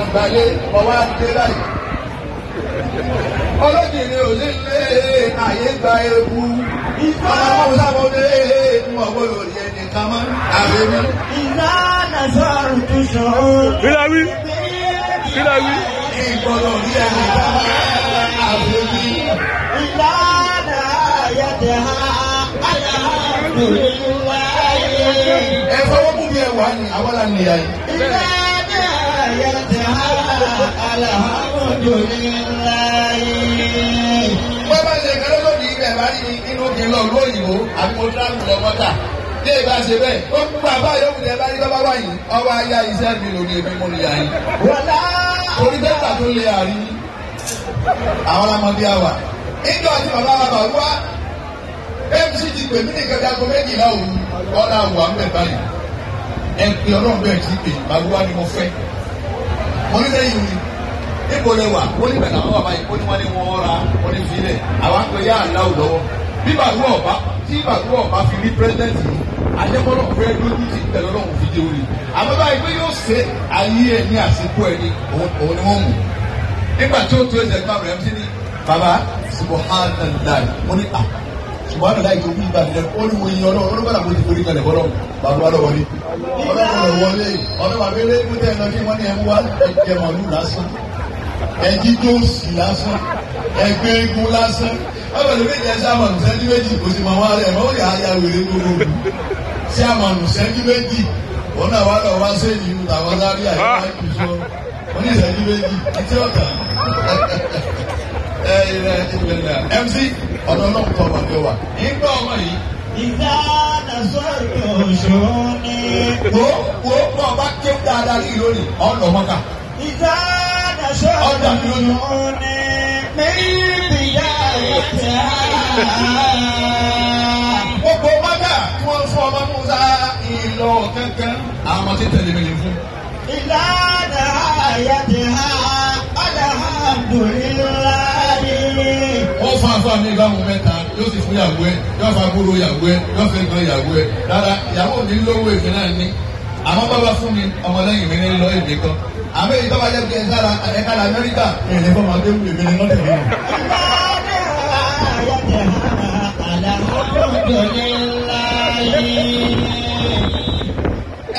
àgbáyé ọwọ́ adé láì. olóbìnrin ò lè lé àyè gba ewu. ọlọ́wọ́ sábọ̀ lé wọn kó lórí ẹni kan mọ́ àbẹ̀ mi. iná nàṣọ àrùtù sọ̀rọ̀. kílá wí kílá wí. ìgbọ̀dọ̀ rí ẹni kan mọ́ àbẹ̀ mi. iná nàyẹ̀dẹ̀ ha àyà àbẹ̀ mi wáyé. ẹ fọwọ́ kú bí ẹ wà ní àwọn làǹdíyà yìí alhamdulilayi. bọ́lá ṣe kẹ́lẹ́ tó di ibẹ̀ bá rí inú kí n lọ ló òyìnbó àti mo dáhùn lọ mọ́tà. ní ìbá ṣe bẹ́ẹ̀ ó kú bàbá yòókù tẹ bá rí bàbá wà yìí ọwọ́ ayé iṣẹ́ mi lòdì èmi mo nìyà yìí. wọlá orí dẹ́ta tó lè àrí àwọn ọmọdé àwà. ìjọ àti bàbá wa bà wá mc ti pè mí nìkan jago méjìlá òru ọ̀la wà ń bẹ̀ báyìí ẹ ni mo fẹ́ mo ní lẹ́yìn òní níbo lẹwà ó níbẹ̀ làwọn bàbá yìí ó ní wọn ní wọn ra wọn ní filẹ̀ àwọn akọ yá àláwù lọ́wọ́ bí bàbá ọba tí bàbá ọba fi rí president yìí adébọ́lọ̀ fẹ́ lójú ti tẹ̀lé ọlọ́run fi dé orí àmọ́ báyìí pé yóò ṣe ayé ẹ̀ ní àsìkò ẹ̀ ní òun ni wọ́n mú nígbà tí ó tó ẹsẹ̀ gbà rẹ̀ sí ni bàbá subhanallah mo ní à subhanallah tó bí ìbàdàn ó ní mo yin ọlọ́run ọlọ́run bàbá mo ti forí kalẹ̀ bọ́lọ̀ bàbá lọ wọlé ọlọ́run lọ wọlé ọlọ́run àbẹ́lẹ́ kúndé ẹ̀ lọ kí wọ́n ní ẹ̀ ń wá ẹ̀jẹ̀ màlúù lásán ẹjíjó sì lásán ẹgbẹ́ egun lásán ọ̀rọ̀ lórí ìjẹ́ sàmọ̀nù sẹ́ńtì méjì kò sì mọ̀ wá rẹ̀ mọ́ òyà ayà wèrè lóru sàmọ̀nù sẹ́ńtì méjì òun náà wá lọ wá sẹ́yìn ìlú tàwọn sáré àyè wá kì í sọ wọ́n ní ìsẹ́jú méjì etí ọ̀tà ẹ ẹ ẹ mc ọ̀dọ̀ náà tọ̀ wọ́n lé wa. nígbà ọmọ yìí. ìdá àdàsọ̀rọ̀ òṣòro ni. wo wo bọ̀ bá kéwù dáadáa ní ìlú ni ọ̀dọ̀ mọ́ta ọ̀dà mi lójú. Gbogbo bàbá tí wọ́n fún ọmọ Musa ìlọ kankan. Àwọn ọtí tẹ̀lé mi lè fún. Ìlànà àyàtì ha, alhamdulillahi. Ó fa afa mi ìbámu mẹ́ta, yóò sì fún yàgò ẹ̀, yóò fa gbúrò yàgò ẹ̀, yóò fẹ́ gan yàgò ẹ̀. Rárá, ìyàwó mi lówó èmi náà ní. Àmọ́ bàbá fún mi, ọmọlẹ́yìn mi ní lọ èmi kan àmì ìtọ́ bá jẹ́ pé ẹ sára ẹ̀ka la amẹ́ríkà ẹ̀rẹ́ fún ọmọ akéwù lèmi ni wọ́n tẹ̀lé wọn.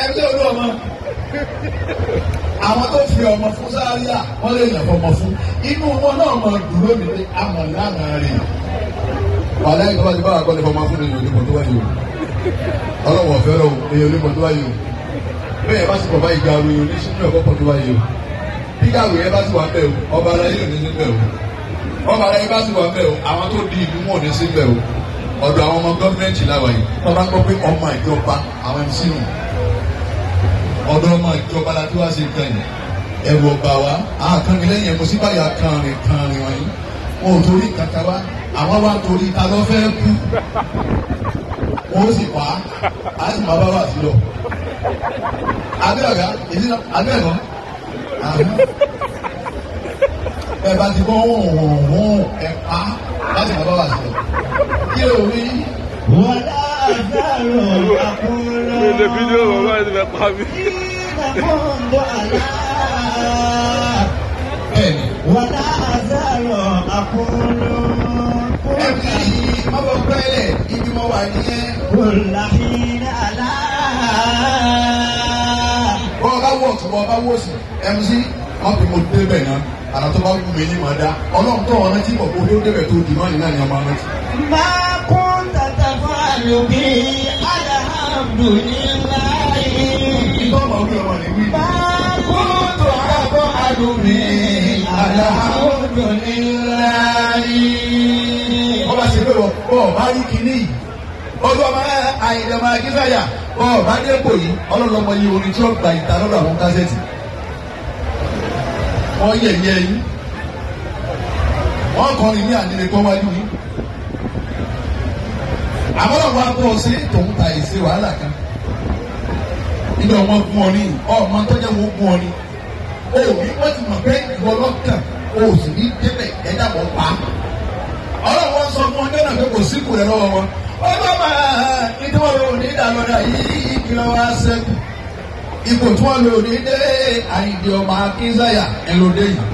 ẹbí olú ọmọ àwọn tó fi ọmọ fún sáríà wọn lè yàn fọmọ fún inú wọn náà mọ dúró mi ní amọ̀lánà rẹ̀ wàhálà ìtọ́wájú bá wà kọ́ni fọmọ fún èèyàn onímọ̀ tó wáyé o ọlọ́wọ́ fẹ́ràn èèyàn onímọ̀ tó wáyé o bẹ́ẹ̀ yẹn bá ti bọ̀bá ìgbà òyìn oníṣẹ́ náà kọ́kọ́ tó wáyé o bí káwé yẹn bá ti wà bẹ́ẹ̀ o ọba aláyé ò ní sí bẹ́ẹ̀ o ọba aláyé bá ti wà bẹ́ẹ̀ o àwọn tó di ìlú wọn ò ní sí bẹ́ẹ̀ o ọ̀dọ̀ àwọn ọmọ gọ́ọ̀mẹ̀ntì láwa yìí wọ́n bá gbọ́ pé ọmọ ìjọba àwọn MC nù ọ̀dọ̀ ọmọ ìjọba la tó wá sí nǹkan yìí ẹ̀rù ọba wa àkànni lẹ́yìn ẹ̀mọ sí báyà kànrin kànrin wọn yìí wọn ò torí kàkà wa àwọn wa torí ta ló fẹ́ kú wọn ó sì wá á sì máa bá wà sí lọ abẹ́ọ̀gá èyí náà abẹ́ẹ̀kọ́ ẹ bá ti gbọ́ hùn ẹ pa láti bàbá wa sọ kí ló wí. wọ́n á dárò àkúrò. mi lè fídíò bàbá yìí fẹ́ pa mí. wọ́n á dárò àkúrò. ẹ bí pẹ́lẹ̀ ibi mo wà nìyẹn. wọ́n láyé. wọ̀ tó bọ́ bá wọ̀ sí mc wọn pè mo débẹ̀ náà àná tó bá wù mí ní màá dá ọlọ́run tó ọ̀rọ̀ tí bọ̀ bóyá ó débẹ̀ tó dì mọ́ni náà ni ọmọ rántí. máa kún tata fún àlòbí alhamdulilayi. ìtọ́ ọmọ tata fún àlòbí alhamdulilayi. ọba ṣe pé wọ́n bá rí kinní ọdún ọba Àyìnlá máa kí sáyà bọ́ ọ̀bá dépò yìí ọlọ́lọ́mọ yìí orin tí ó gba ìta lọ́dọ̀ àwọn kásẹ̀tì wọ́n yẹ̀yẹ́ yìí wọ́n kọrin ní àdínlẹ̀pọ̀ wájú yìí àbọ̀dọ̀ wa bọ̀ sí tòun ta ìṣe wàhálà kan nínú ọmọ gun ọ ní ọmọ tọ́jà wọn gun ọ ní òbí wọ́n ti mọ̀ pé ìwọ lọ́kàn òsì ní débẹ̀ ẹ̀dá wọn pa ọlọ́wọ́ sọ fún ọjọ́ náà pé kò sí kù dá lọ́dà yìí kí ló wá sẹ́kù ipò tí wọ́n lò ní dé àyìndé ọmọ akínsáyà ẹ̀ ló dé yìí.